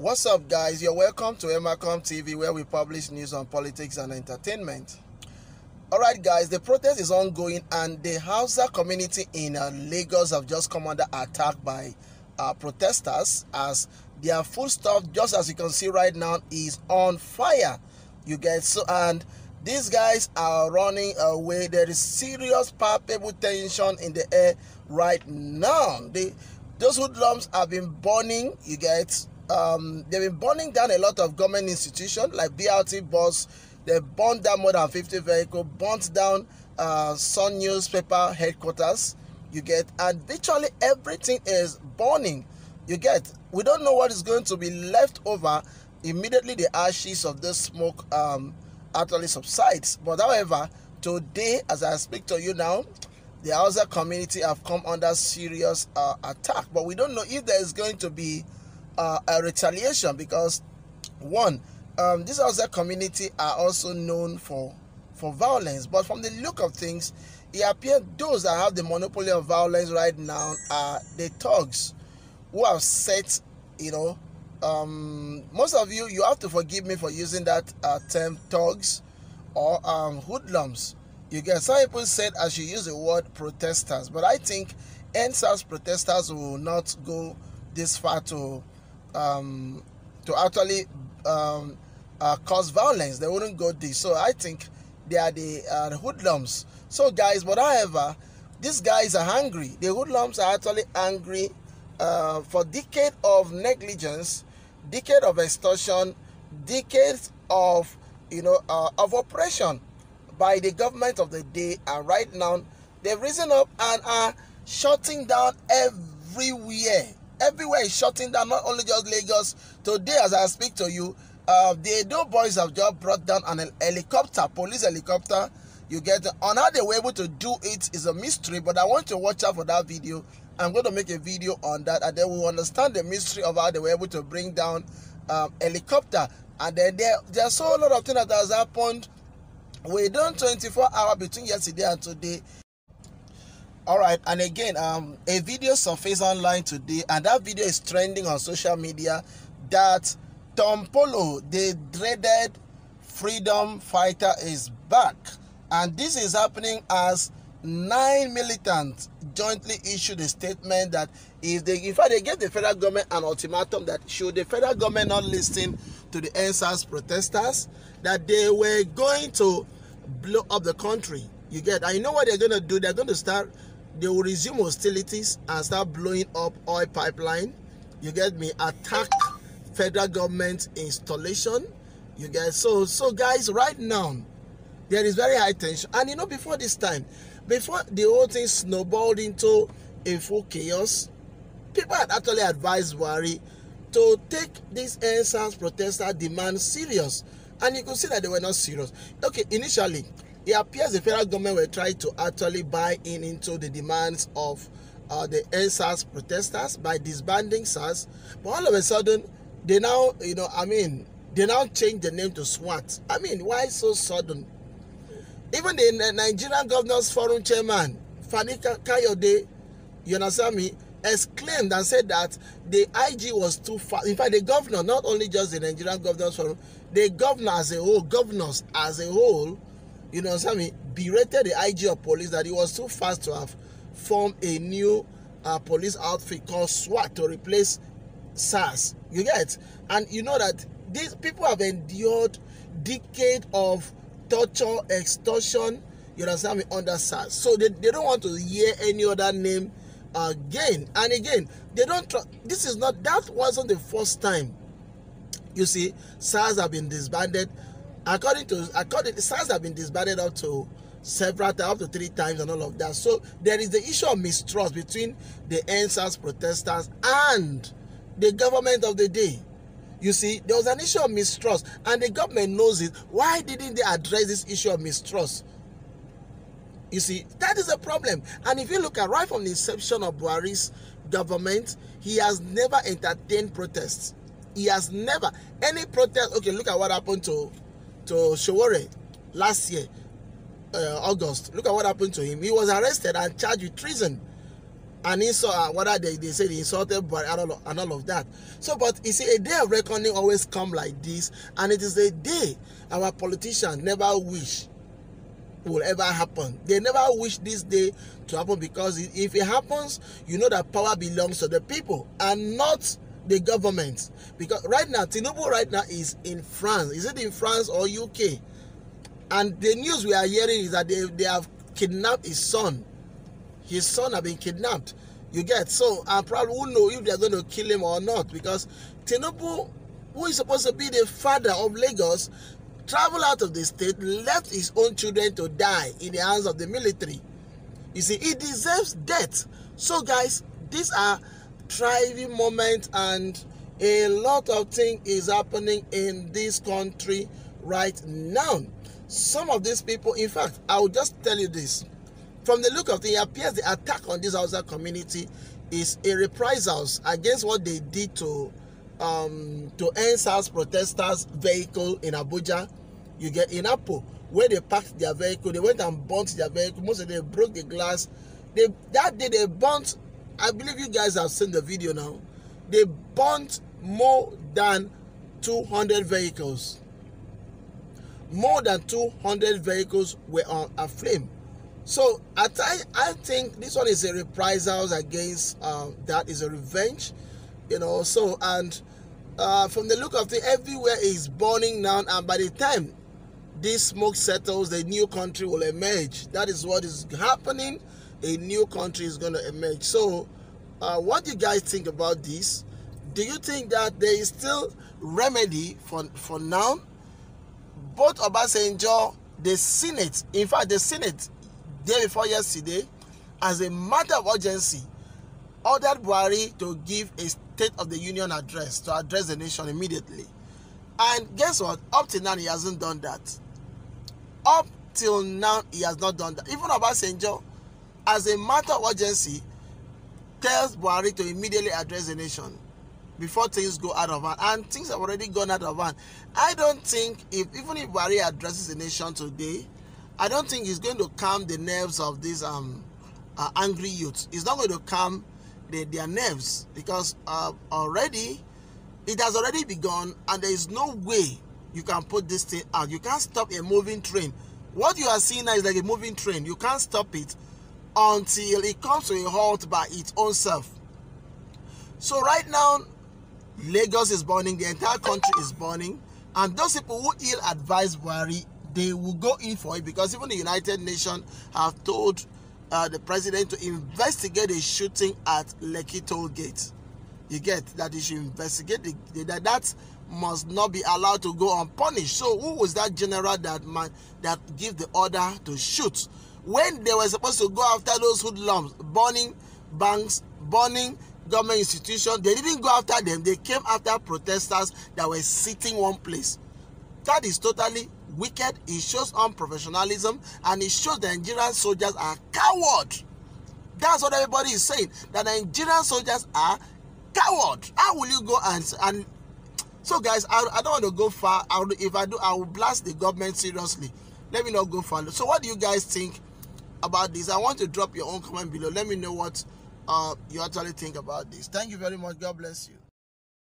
What's up, guys? You're welcome to Emacom TV, where we publish news on politics and entertainment. Alright, guys, the protest is ongoing, and the Hausa community in uh, Lagos have just come under attack by uh, protesters as their food stuff, just as you can see right now, is on fire. You guys, so and these guys are running away. There is serious palpable tension in the air right now. those hoodlums have been burning, you get um, they've been burning down a lot of government institutions like BRT bus. They burned down more than 50 vehicles, burnt down uh, Sun newspaper headquarters. You get, and virtually everything is burning. You get, we don't know what is going to be left over. Immediately, the ashes of this smoke um, actually subsides. But however, today, as I speak to you now, the Hausa community have come under serious uh, attack. But we don't know if there is going to be uh, a retaliation because one, um, this other community are also known for for violence. But from the look of things, it appears those that have the monopoly of violence right now are the thugs who have set, you know, um, most of you, you have to forgive me for using that uh, term thugs or um, hoodlums. You get some people said I should use the word protesters, but I think NSAS protesters will not go this far to um, to actually um, uh, cause violence. They wouldn't go this. So I think they are the, uh, the hoodlums. So guys, but however, these guys are angry. The hoodlums are actually angry uh, for decade of negligence, decade of extortion, decades of you know uh, of oppression by the government of the day. And right now, they've risen up and are shutting down everywhere everywhere is shutting down, not only just Lagos. Today, as I speak to you, uh, the Edo boys have just brought down an helicopter, police helicopter. You get on how they were able to do it is a mystery, but I want you to watch out for that video. I'm going to make a video on that, and then we'll understand the mystery of how they were able to bring down um, helicopter. And then there, there's so a lot of things that has happened. We done 24 hours between yesterday and today. all right and again um a video surfaced online today and that video is trending on social media that tom polo the dreaded freedom fighter is back and this is happening as nine militants jointly issued a statement that if they in fact they gave the federal government an ultimatum that should the federal government not listen to the NSAS protesters that they were going to blow up the country you get I know what they're going to do they're going to start they will resume hostilities and start blowing up oil pipeline. You get me? Attack federal government installation. You guys, so so guys, right now there is very high tension. And you know, before this time, before the whole thing snowballed into a full chaos, people had actually advised Buhari to take these NSAS protester demand serious. And you could see that they were not serious. Okay, initially, It appears the federal government will try to actually buy in into the demands of uh, the NSAS protesters by disbanding SAS. But all of a sudden, they now, you know, I mean, they now change the name to SWAT. I mean, why so sudden? Even the Nigerian Governors Forum chairman, Fani Kayode, you understand me, exclaimed and said that the IG was too far. In fact, the governor, not only just the Nigerian Governors Forum, the governor as a whole, governors as a whole, you know what I mean, berated the IG of police that he was too fast to have formed a new uh, police outfit called SWAT to replace SARS. You get? And you know that these people have endured decades of torture, extortion, you understand me, under SARS. So they, they don't want to hear any other name again. And again, they don't tr- this is not that wasn't the first time. You see, SARS have been disbanded According to according the signs have been disbanded up to several times, up to three times and all of that. So there is the issue of mistrust between the NSAS protesters and the government of the day. You see, there was an issue of mistrust and the government knows it. Why didn't they address this issue of mistrust? You see, that is a problem. And if you look at right from the inception of Buhari's government, he has never entertained protests. He has never, any protest, okay, look at what happened to to Showore last year, uh, August. Look at what happened to him. He was arrested and charged with treason. And insult, uh, are they, they said he insulted but and all, of, and all of that. So, but you see, a day of reckoning always come like this. And it is a day our politicians never wish will ever happen. They never wish this day to happen because if it happens, you know that power belongs to the people and not the government. Because right now, Tinubu right now is in France. Is it in France or UK? And the news we are hearing is that they, they have kidnapped his son. His son have been kidnapped. You get so I probably won't know if they're going to kill him or not because Tinubu, who is supposed to be the father of Lagos, traveled out of the state, left his own children to die in the hands of the military. You see, he deserves death. So guys, these are thriving moment and a lot of things is happening in this country right now. Some of these people, in fact, I will just tell you this. From the look of it, it appears the attack on this Hausa community is a reprisals against what they did to um, to NSAS protesters' vehicle in Abuja. You get in Apo, where they parked their vehicle, they went and burnt their vehicle. Most of them broke the glass. They, that day they burnt I believe you guys have seen the video now. They burnt more than 200 vehicles. More than 200 vehicles were on a flame. So I, I think this one is a reprisal against um, that is a revenge, you know. So and uh, from the look of the everywhere is burning down, and by the time this smoke settles, the new country will emerge. That is what is happening a new country is going to emerge. So, uh, what do you guys think about this? Do you think that there is still remedy for, for now? Both Obasanjo, the Senate, in fact, the Senate, day before yesterday, as a matter of urgency, ordered Buhari to give a State of the Union address to address the nation immediately. And guess what? Up till now, he hasn't done that. Up till now, he has not done that. Even Obasanjo, as a matter of urgency, tells Buhari to immediately address the nation before things go out of hand. And things have already gone out of hand. I don't think, if even if Buhari addresses the nation today, I don't think he's going to calm the nerves of these um, uh, angry youths. It's not going to calm the, their nerves because uh, already it has already begun and there is no way you can put this thing out. You can't stop a moving train. What you are seeing now is like a moving train. You can't stop it until it comes to a halt by its own self. So right now, Lagos is burning, the entire country is burning, and those people who ill advise worry, they will go in for it because even the United Nations have told uh, the president to investigate the shooting at Lekki toll gate. You get that he should investigate the, the, that that must not be allowed to go unpunished. So who was that general that man that give the order to shoot? when they were supposed to go after those hoodlums burning banks burning government institutions they didn't go after them they came after protesters that were sitting one place that is totally wicked it shows unprofessionalism and it shows the nigerian soldiers are coward that's what everybody is saying that the nigerian soldiers are coward how will you go and and so guys i, I don't want to go far I, if i do i will blast the government seriously let me not go far so what do you guys think about this. I want to drop your own comment below. Let me know what uh, you actually think about this. Thank you very much. God bless you.